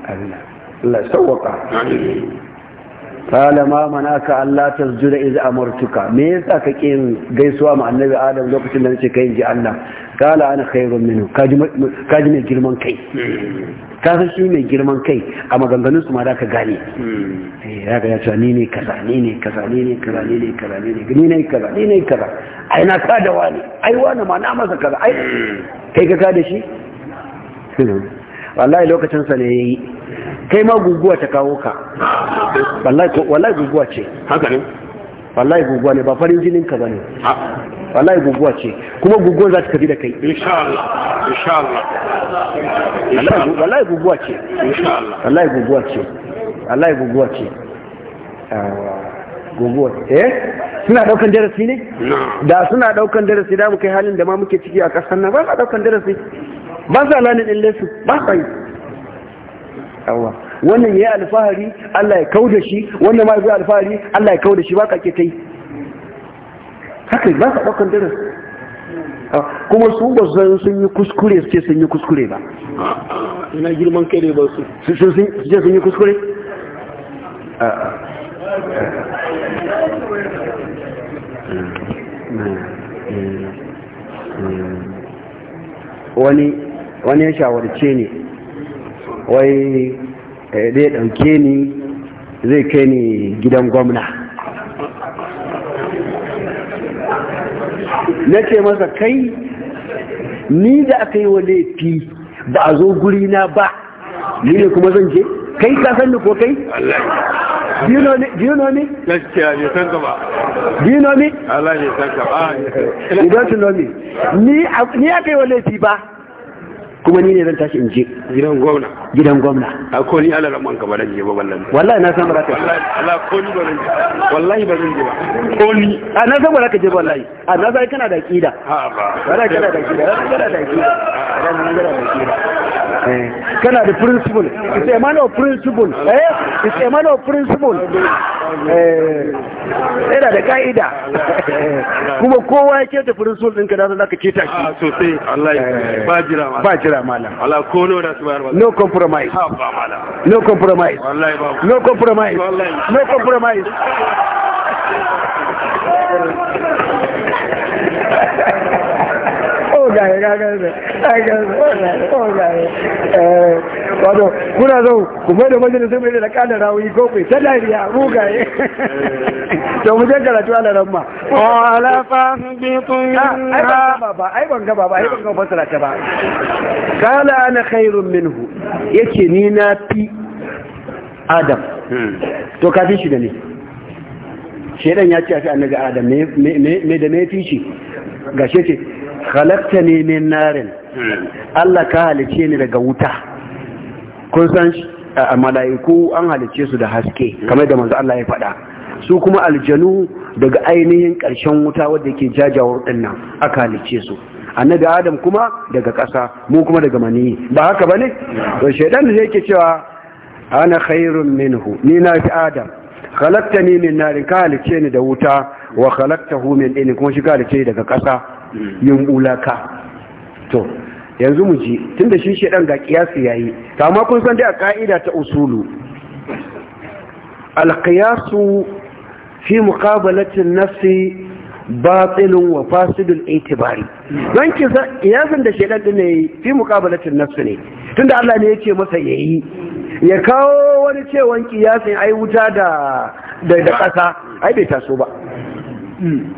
Allah hmm. eh, Allah sauwaka kala ma manaka Allah tasjuda iz amartuka me yasa ka kin gaisuwa ma annabi Adam lokacin da nace kai ji Allah kala ana khairun minhu kaji kaji mai girman kai ka san shi mai girman kai a maganganun su ma da ka gane eh ya ga yace ni ne kaza ni ne kaza ni ne kaza ni ne kaza ni ne ni ne kaza ni ne kaza ai na ka da wani ai wani ma na masa kaza ai kai ka ka da shi wallahi lokacin sa ne yayi kai ma guguwa ta kawo ka wallahi guguwa ce haka ne wallahi guguwa ne ba farin jinin ka bane wallahi guguwa ce kuma guguwa za ta tafi da kai insha Allah insha Allah wallahi guguwa ce insha Allah wallahi guguwa ce wallahi guguwa ce guguwa eh suna daukan darasi ne da suna daukan darasi da mu kai halin da ma muke ciki a kasar nan ba sa daukan darasi ba sa lanin din lesu ba sa yi yawa wannan yayi alfahari Allah ya kauda shi wannan ma yayi alfahari Allah ya kauda shi ba ka ke kai haka ba ka daukan darasi ah, kuma su ba su sun yi kuskure su ce sun yi kuskure ba ina girman kai ne ba su su ce sun yi kuskure ah, ah. wani wani ya shawarce ne wai eh, zai ɗauke ni zai kai ni gidan gwamna na ce masa kai ni da aka yi wa laifi ba a zo guri na ba ni ne kuma zan je kai ka san ni ko kai do you know me do you know me ne do you know me ne you know me ni ni kai wa laifi ba kuma ni ne zan tashi in je gidan gwamna gidan gwamna a ko ni ala ramon ka baran je ba wallan wallahi na san ba baraka wallahi ko ni baran je wallahi baran je ba ko ni a na san ba baraka je wallahi a na san kana da kida ha ba kana kana da aqida kana da kida kana da aqida eh, kana da principle it's a man of principle eh it's a man of principle eh da ka'ida kuma kowa ya keta furin sul ɗinka da zaka keta shi ah, sosai Allah eh, ba jira malam ba jira malam Allah ko no da su bayar no compromise no compromise wallahi ba no compromise no compromise oh ga ga ga ga ga wato kuna zo ku mai da majalisar mai da kalan rawayi ko ku ta dariya ye. Eh. to mu je karatu ala ramma bi tun ya ah, baba ai ban ga, baba ai ban ga fasara ta ba kala ana khairun minhu yake ni na fi adam hmm. to ka fi shi da ni. shedan ya ce a fi annabi adam me da me fi shi gashe ce khalaqtani min narin hmm. Allah ka halice ni daga wuta kun san mala'iku an halicce su da haske kamar da manzo Allah ya faɗa su kuma aljanu daga ainihin karshen wuta wadda ke jajawar ɗinnan aka halicce su annabi adam kuma daga ƙasa mu kuma daga maniyi ba haka bane to shaydan ne yake cewa ana khairun minhu ni na fi adam khalaqtani min nar ka halicce ni da wuta wa khalaqtahu min din kuma shi ka halicce daga ƙasa yin ulaka to yanzu mu ji da shi shedan ga yi, yayi kama kun san dai a ƙa'ida ta usulu alƙiyasu fi nafsi wa fasidul itibari don kisa da shedan ɗin ne fi muqabalatin nafsi ne tunda Allah ne ya ce masa ya yi. ya kawo wani cewan ƙiyasin ai wuta da da ai bai taso ba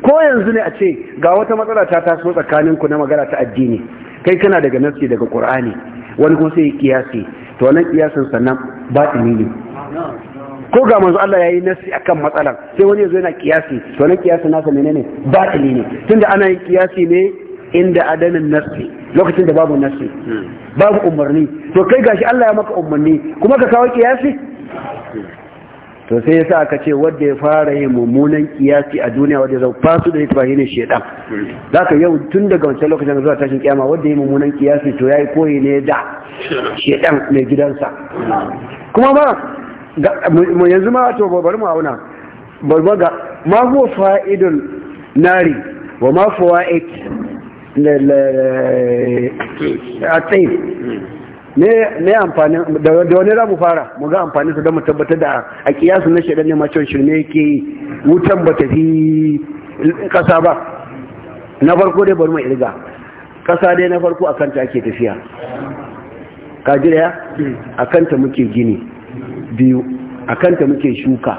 ko yanzu ne a ce ga wata matsala ta taso tsakaninku na magana ta addini kai kana daga nafsi daga qur'ani wani kuma sai kiyasi to wannan kiyasin sannan batini ne ko ga manzo Allah yayi nasi akan matsalan sai wani yazo yana kiyasi to wannan kiyasin nasa menene batini ne tunda ana yin kiyasi ne inda adanin nasi lokacin da babu nasi hmm. babu umarni to kai gashi Allah ya maka umarni kuma ka kawo kiyasi to sai yasa aka ce wanda ya fara yin mummunan kiyasi a duniya wanda zai fasu da ita ne shedan zaka yau tun daga wancan lokacin zuwa tashin kiyama wanda ya mummunan kiyasi to yayi koyi ne da shedan mai gidansa kuma ba yanzu ma to bari mu auna ba ga ma huwa fa'idul nari wa ma fawaid a tsayin ne amfani da wani za mu fara mu ga amfanin su don mu tabbatar da a kiyasu na shaidan ne cewa shirme ke wutan ba ta fi kasa ba na farko dai bari mai irga kasa dai na farko akan ta ake tafiya kaji ya akan ta muke gini biyu akan ta muke shuka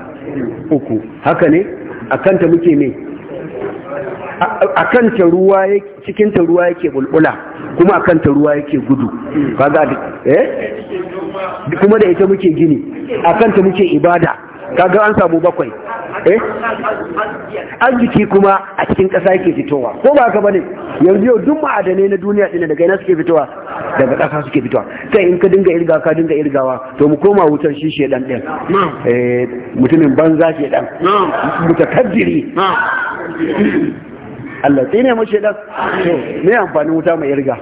uku haka ne akan ta muke ne A kanta ruwa cikin ta ruwa yake bulbula kuma a kanta ruwa yake gudu kaga eh kuma da ita muke gini a ta muke ibada kaga an samu bakwai eh arziki kuma a cikin ƙasa yake fitowa ko ba haka bane yanzu yau duk ma'adanai na duniya din daga ina suke fitowa daga ƙasa suke fitowa kai in ka dinga irga ka dinga irgawa to mu koma wutar shi shedan din eh mutumin banza shedan mutakabbiri Allah ne mu da to me amfani wuta mai irga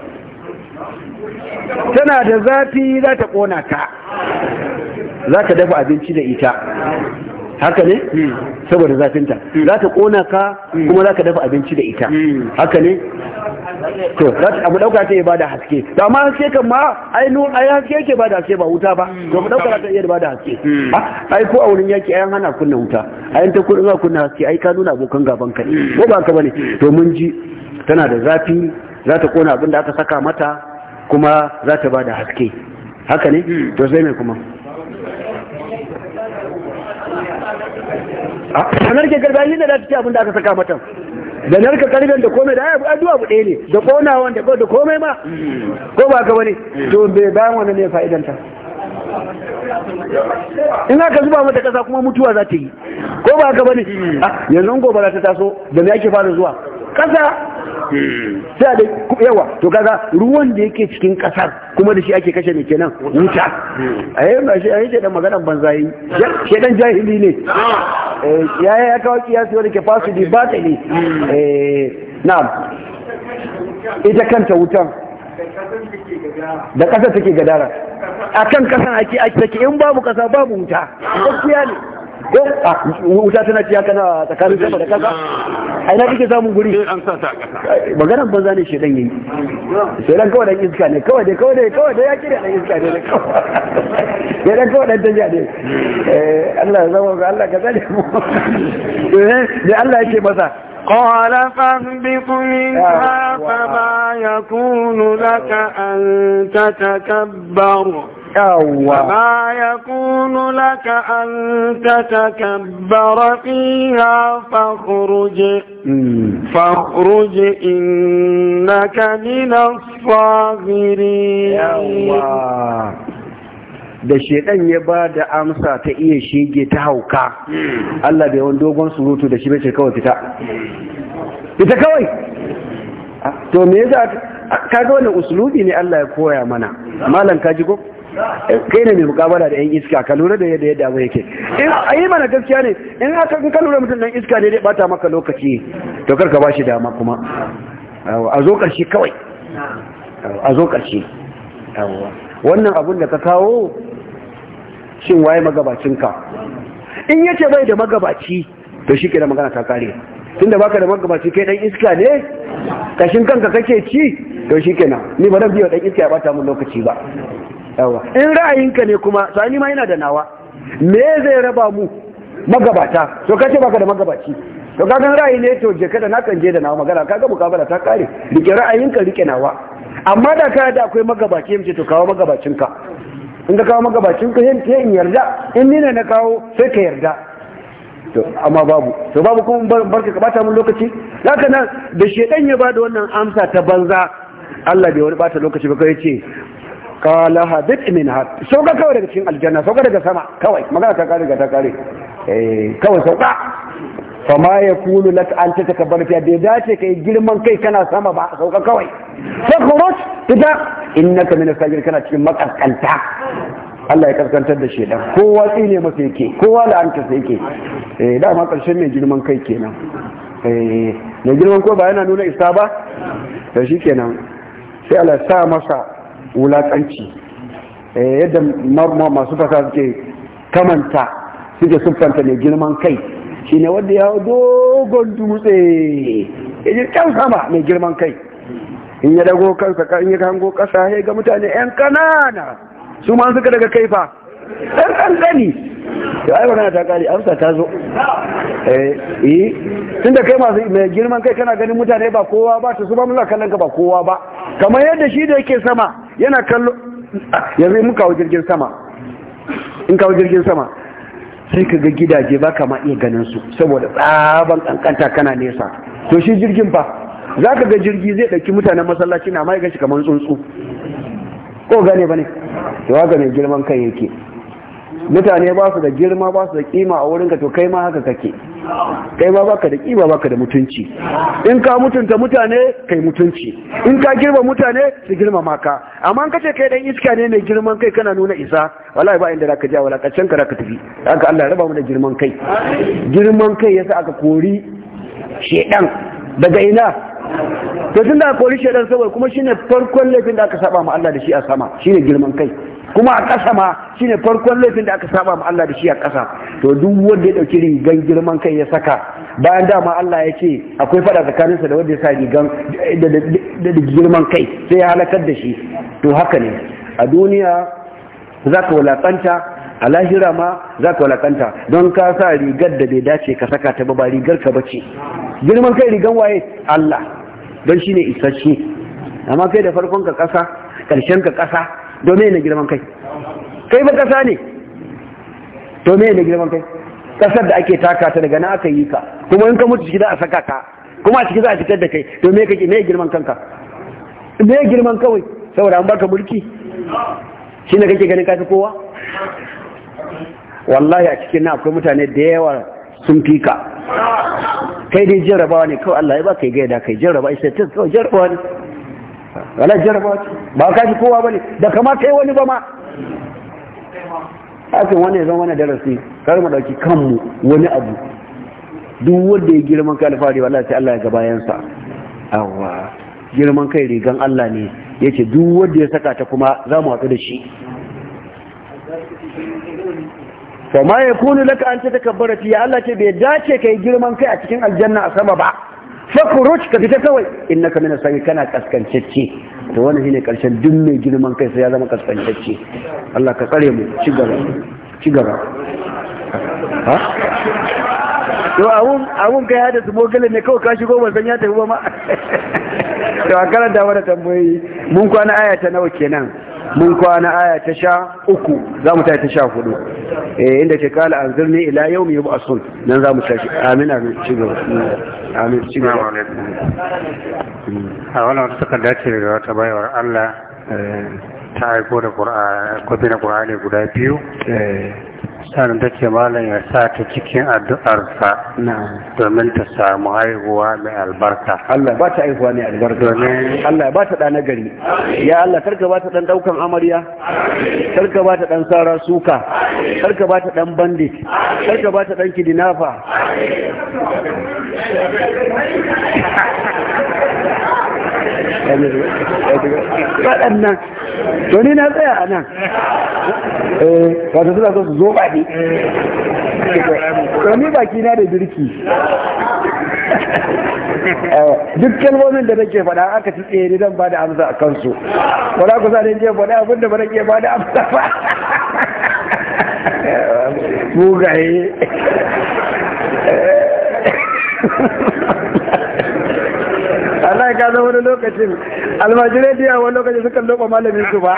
tana da zafi za ta kona ka za ka dafa abinci da ita haka ne hmm. saboda zafinta hmm. za ta kona ka hmm. kuma za ka dafa abinci da ita haka ne to abu dauka ta yi bada haske da amma haske kan ma ainu ai haske yake bada haske ba wuta ba hmm. to mu dauka ta iya bada haske hmm. ah, ai ko a wurin yaki ayan hana kunna wuta ayan ta ga kunna haske ai ka nuna abokan gaban ka hmm. ko ba ka bane to mun ji tana da zafi za ta kona abin da aka saka mata kuma za ta bada haske haka ne to sai mai kuma a ah, sanar ke yi da za ta ce abin da aka saka mata da narka karbin da komai da ya bu addu'a bu ɗaya ne da wanda da da komai ma ko ba ka wani to bai ba wani ne fa'idanta in aka zuba mata ƙasa kuma mutuwa za ta yi ko ba ka wani ah, yanzu gobara ta taso da me ake fara zuwa ƙasa. sai da yawa to kaga ruwan da yake cikin kasar kuma da shi ake kashe ne kenan wuta A yi ma shi a yi shaidan maganar banzayi shaidan jahili ne ah. eh, Ya yi ya kawo kiyasi wani ke fasu di batili ne. na'am ita kanta wutan da kasar take gadara kan kasar ake ake in babu kasa babu wuta ah. gaskiya ne Eh, ah, wuta tana ciya kana tsakanin sama ne kawai ne kawai dai ya kira dan iska ne dan kawai dan tanja ne eh, Allah ya zama ga Allah ka mu da eh, Allah yake masa قال فاهبط منها فما يكون لك أن تتكبر yawwa ma yakunu laka an tatakabbara fiha fakhruj fakhruj innaka min as-saghirin yawwa da shedan ya ba da amsa ta iya shige ta hauka hmm. Allah bai wani dogon surutu da shi bace kawai fita fita kawai ah, to me yasa kaga wannan uslubi ne Allah ya koya mana malam kaji ko kai ne mai mukabala da yan iska ka lura da yadda yadda yake in yi mana gaskiya ne in aka kan lura mutum dan iska ne zai bata maka lokaci to kar ka bashi dama kuma a zo karshe kawai a zo karshe wannan abun da ka kawo shin waye magabacinka in yace bai da magabaci to shi ke magana ta kare tunda baka da magabaci kai dan iska ne kashin kanka kake ci to shi ni ba zan biyo dan iska ya bata mun lokaci ba in ra'ayinka ne kuma to ma yana da nawa me zai raba mu magabata to ka ce baka da magabaci to ga ra'ayi ne to je ka na kan je da nawa magana Ka ga mukabala ta kare rike ra'ayinka rike nawa amma da ka da akwai magabaci yace to kawo magabacinka in ka kawo magabacinka yace in yarda in ni ne na kawo sai ka yarda to amma babu to babu kuma barka ka bata mun lokaci haka nan da shedan ya bada wannan amsa ta banza Allah bai wani bata lokaci ba kai ce qala habit minha sauka kawai daga cikin aljanna sauka daga sama kawai magana ta kare ga ta kare eh kawai sauka fama kulu lak an takabbar fi da dace kai girman kai kana sama ba sauka kawai khuruj fita innaka min as kana cikin makaskanta Allah ya kaskantar da shedan kowa tsine masa yake kowa la'anta sai yake eh ma karshen mai girman kai kenan eh mai girman ko ba yana nuna isa ba to shikenan sai Allah ya sa masa wulakanci eh, yadda masu fasa suke kamanta suke siffanta mai girman kai shi ne wanda ya dogon dutse ya ji can sama mai girman kai in ya dago kansa kan ya kango kasa ya ga mutane yan kanana su ma suka daga kaifa ɗan ƙanƙani da ai magana ta ƙari amsa ta zo eh, eh tun da kai masu mai girman kai kana ganin mutane ba kowa ba ta su ba mula kallon ka ba kowa ba kamar yadda shi da yake sama yana kallo yanzu mun kawo jirgin sama in kawo jirgin sama sai ka ga gidaje ba kama iya ganin su saboda tsaban kankanta kana nesa to shi jirgin fa za ka ga jirgi zai ɗauki mutanen masallaci na ma gashi kamar tsuntsu ko gane ba ne to haka mai girman kan yake mutane ba su da girma ba su da kima a wurinka to kai ma haka kake kai ma baka da kima baka da mutunci in ka mutunta mutane kai mutunci in ka girma mutane su girma maka amma in kace kai dan iska ne mai girman kai kana nuna isa wallahi ba inda zaka ja wala kaccen ka zaka tafi haka Allah ya raba mu da girman kai girman kai yasa aka kori shedan daga ina to tun da kori shaidar saboda kuma shine farkon laifin da aka saba ma Allah da shi a sama shine girman kai kuma a ƙasa ma shine farkon laifin da aka saba ma Allah da shi a ƙasa to duk wanda ya dauki rigan girman kai ya saka bayan dama Allah ya ce akwai fada tsakaninsa da wanda ya sa rigan da girman kai sai ya halakar da shi to haka ne a duniya zaka walakanta a lahira ma za ka walakanta don ka sa rigar da bai dace ka saka ta ba rigar ka bace girman kai rigan waye Allah don shine isasshe amma kai da farkon ka ƙasa ƙarshen ka ƙasa domin na girman kai kai ba ƙasa ne domin na girman kai ƙasar da ake taka ta daga na aka yi ka kuma in ka mutu ciki za a saka ka kuma a ciki za a fitar da kai to me kake me girman kanka me girman kawai saboda an baka mulki shine kake ganin ka kowa wallahi a cikin na akwai mutane da yawa sun fi ka kai dai jarrabawa ne kawai Allah ya ba yi gaida kai jarraba isa ta kawai jarrabawa ne wala jarrabawa ce ba ka fi kowa bane da kama kai wani ba ma hakan wani ya zama wani darasi kar mu dauki kanmu wani abu duk wanda ya girman kai alfahari wala sai Allah ya ga bayansa awwa girman kai rigan Allah ne yace duk wanda ya saka ta kuma za mu haɗu da shi wa ma kunu laka an tatakabbara fi Allah ce bai dace kai girman kai a cikin aljanna a sama ba fakuruc ka fita kawai innaka min asami kana kaskancacce to wannan shine karshen duk mai girman kai sai ya zama kaskancacce Allah ka tsare mu ci gaba ha to awun awun kai hada su mogale ne kawai ka shigo ban san ya tafi ba ma to a karanta mana tambayoyi mun kwana aya ta nawa kenan mun kwana aya ta sha uku za mu tashi ta sha hudu eh, inda ke kala an zirni ila yau mai ba sun nan za mu tashi amin amin cigaba amin cigaba a wannan suka dace da wata bayawar allah eh, ta aiko da kwafi na ƙura'ani guda biyu eh. san ke malam ya sa ta cikin addu'arsa domin ta samu haihuwa mai albarka Allah ba ta haihuwa mai albarka domin Allah ba ta ɗana gari ya Allah karka ba ta ɗan ɗaukan amarya karka ba ta ɗan sara suka karka ba ta ɗan bandit karka ba ta ɗan kidinafa waɗannan to na tsaya a nan eh, wata suna so su zo baɗi to baki na da birki eh, duk kalmomin da nake faɗa aka ci tsere zan ba da amsa a kansu wala kusa sa ne faɗa abin da ba nake ba da amsa ba eh, mugaye wallahi ka zama wani lokacin almajirai da yawa wani lokacin suka loba malami su ba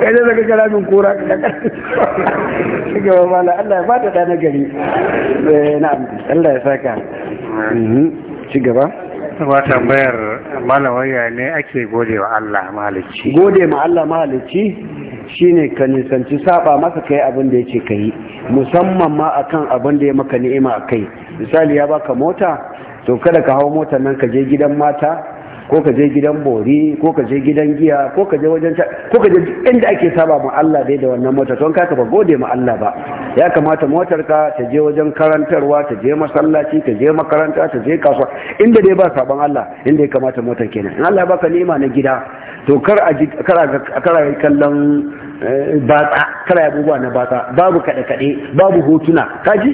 kai zai zaka gara kura ka kakar shiga ba mala Allah ya bada da na gari eh, na'am Allah ya saka ci mhm. gaba ba tambayar malawaya ne ake gode wa Allah mahalicci gode ma Allah mahalicci shine ka nisanci saba masa kai abin da ya ce ka yi musamman ma akan abin da ya maka ni'ima kai misali ya baka mota to kada ka hau motar nan ka je gidan mata ko ka je gidan bori ko ka je gidan giya ko ka je wajen ko ka je inda ake saba ma Allah dai da wannan mota to ka ba gode ma Allah ba ya kamata motar ka ta je wajen karantarwa ta je masallaci ta je makaranta ta je kasuwa inda dai ba saban Allah inda ya kamata motar kenan in Allah ya baka nema na gida to kar a kar a kallon Eh, batsa kala abubuwa na batsa babu kaɗe kaɗe babu hotuna kaji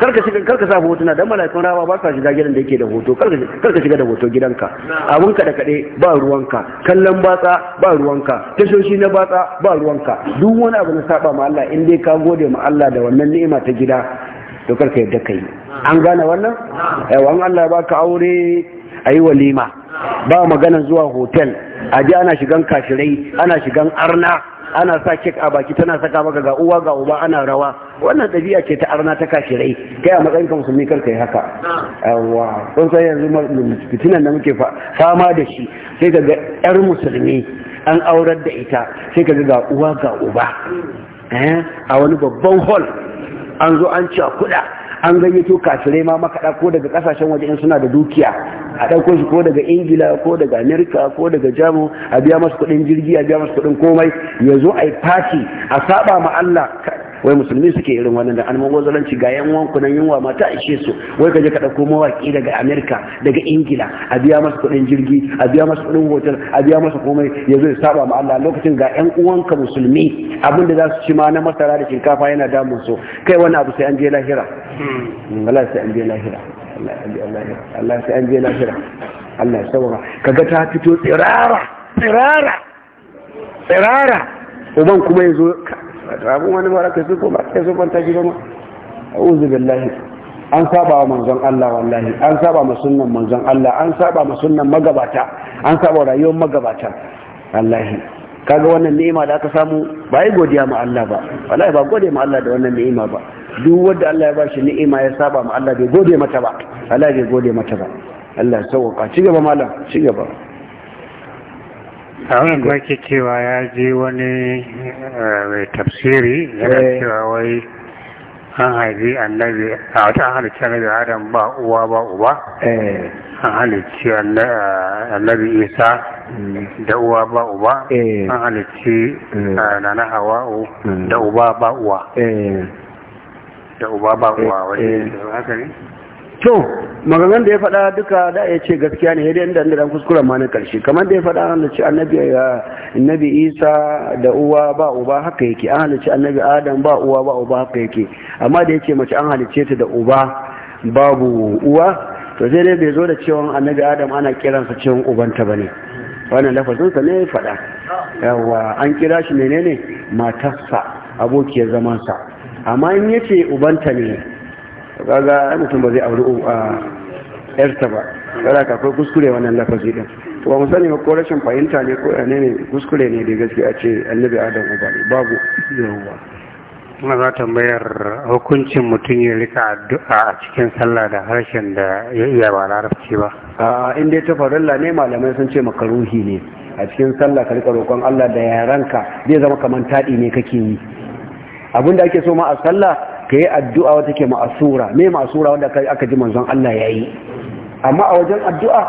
karka shiga karka sa hotuna Don mala'ikun rawa ba sa shiga gidan da yake da hoto karka shiga da hoto gidanka abun kaɗe kaɗe ba ruwanka kallon batsa ba ruwanka tashoshi na batsa ba ruwanka duk wani abu na saba ma Allah in dai ka gode ma Allah da wannan ni'ima ta gida to karka yadda ka yi. an gane wannan yawa an Allah ya baka aure a yi walima ba magana zuwa hotel a ji ana shigan kashirai ana shigan arna ana sa kek a baki tana saka maka ga uwa ga uba ana rawa wannan ɗabi'a ce ta arna ta kashirai kai a matsayin ka musulmi kar kai haka yawa kun san yanzu fitinan da muke fama da shi sai ka ga yar musulmi an aurar da ita sai ka ga uwa ga uba eh? a wani babban hall an zo an ci a kuɗa an gayyato kafirai ma makaɗa ko daga ƙasashen waje in suna da dukiya a ɗauko su ko daga ingila ko daga amerika ko daga jamu a biya masu kuɗin jirgi a biya masu kuɗin komai ya zo a yi fati a saba ma allah wai musulmi suke irin wannan da alman wazalanci ga yan wanku nan yunwa mata ta ishe su wai kaje ka dauko mawaki daga Amerika daga Ingila a biya masa kuɗin jirgi a biya masa kuɗin hotel a biya masa komai ya zo ya saba ma Allah lokacin ga yan uwanka musulmi abin da za su ci ma na masara da shinkafa yana damun su kai wani abu sai an je lahira hmm. Allah sai an je lahira Allah sai an je lahira Allah ya saura kaga ta fito tsirara tsirara tsirara uban kuma ya zo abun wani mara su ko kai su kwanta shi ba ma an saba wa manzon Allah wallahi an saba ma sunnan manzon Allah an saba ma sunnan magabata an saba rayuwar magabata wallahi kaga wannan ni'ima da aka samu ba yi godiya ma Allah ba wallahi ba gode ma Allah da wannan ni'ima ba duk wanda Allah ya bashi ni'ima ya saba ma Allah bai gode mata ba wallahi bai gode mata ba Allah ya sauka ci gaba malam ci gaba a wani da cewa ya je wani eh, mai tafsiri Ya ga eh. cewa wai an haifi annabi a wata an halicci annabi adam ba uwa ba uba eh. an halicci annabi isa mm. da uwa ba uba an halicci nana hawa'u mm. da uba ba uwa da uba ba uwa wani haka ne to magagan da ya faɗa duka da ya ce gaskiya ne yadda inda dan kuskuren ma na karshe kamar da ya faɗa an ce annabi annabi Isa da uwa ba uba haka yake an halice annabi Adam ba uwa ba uba haka yake amma da yake mace an halice ta da uba babu uwa to sai dai bai zo da cewa annabi Adam ana kiransa cewa ubanta bane wannan sa ne faɗa yawa an kira shi menene matarsa abokiyar zamansa amma in yace ubanta ne kaga mutum ba zai auri a yarsa ba kada ka akwai kuskure wannan lafazi din to ba mu sani ko rashin fahimta ne ko ne ne kuskure ne da gaske a ce annabi adam ba ne babu yawa kuma za tambayar hukuncin mutum ya rika addu'a a cikin sallah da harshen da ya iya ba larabci ba a in ta farilla ne malamai sun ce makaruhi ne a cikin sallah ka rika roƙon Allah da yaranka zai zama kamar taɗi ne kake yi abinda ake so ma a sallah ka yi addu'a wata ke ma'asura ne ma'asura wanda aka ji manzon Allah ya yi amma a wajen addu'a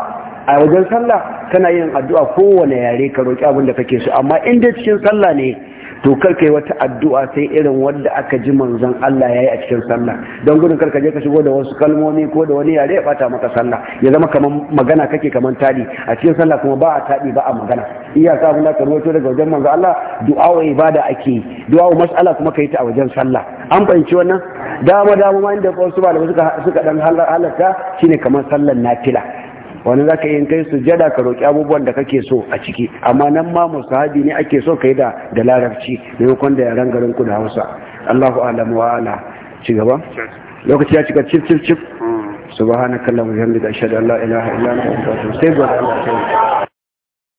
a wajen sallah kana yin addu'a kowane yare ka roƙi abin da kake so amma in dai cikin sallah ne to karkai wata addu'a sai irin wanda aka ji manzon Allah yayi a cikin sallah don gudun karka je ka shigo da wasu kalmomi ko da wani yare ya bata maka sallah ya zama kaman magana kake kaman tadi a cikin sallah kuma ba a tadi ba a magana iya sa mun ka ruwato daga wajen manzon Allah du'a wa ibada ake du'a wa mas'ala kuma kai ta a wajen sallah an fahimci wannan dama dama ma inda wasu da suka suka dan halarta shine kamar sallar nafila wani za ka yi kai sujada ka roƙi abubuwan da kake so a ciki amma nan ma musahabi ne ake so ka yi da da larabci maimakon da yaren garin ku da hausa allahu alamu wa ala ci gaba lokaci ya cika cif cif cif hmm. subhanakallahumma wa bihamdika ashhadu an la ilaha illa anta astaghfiruka wa atubu ilaik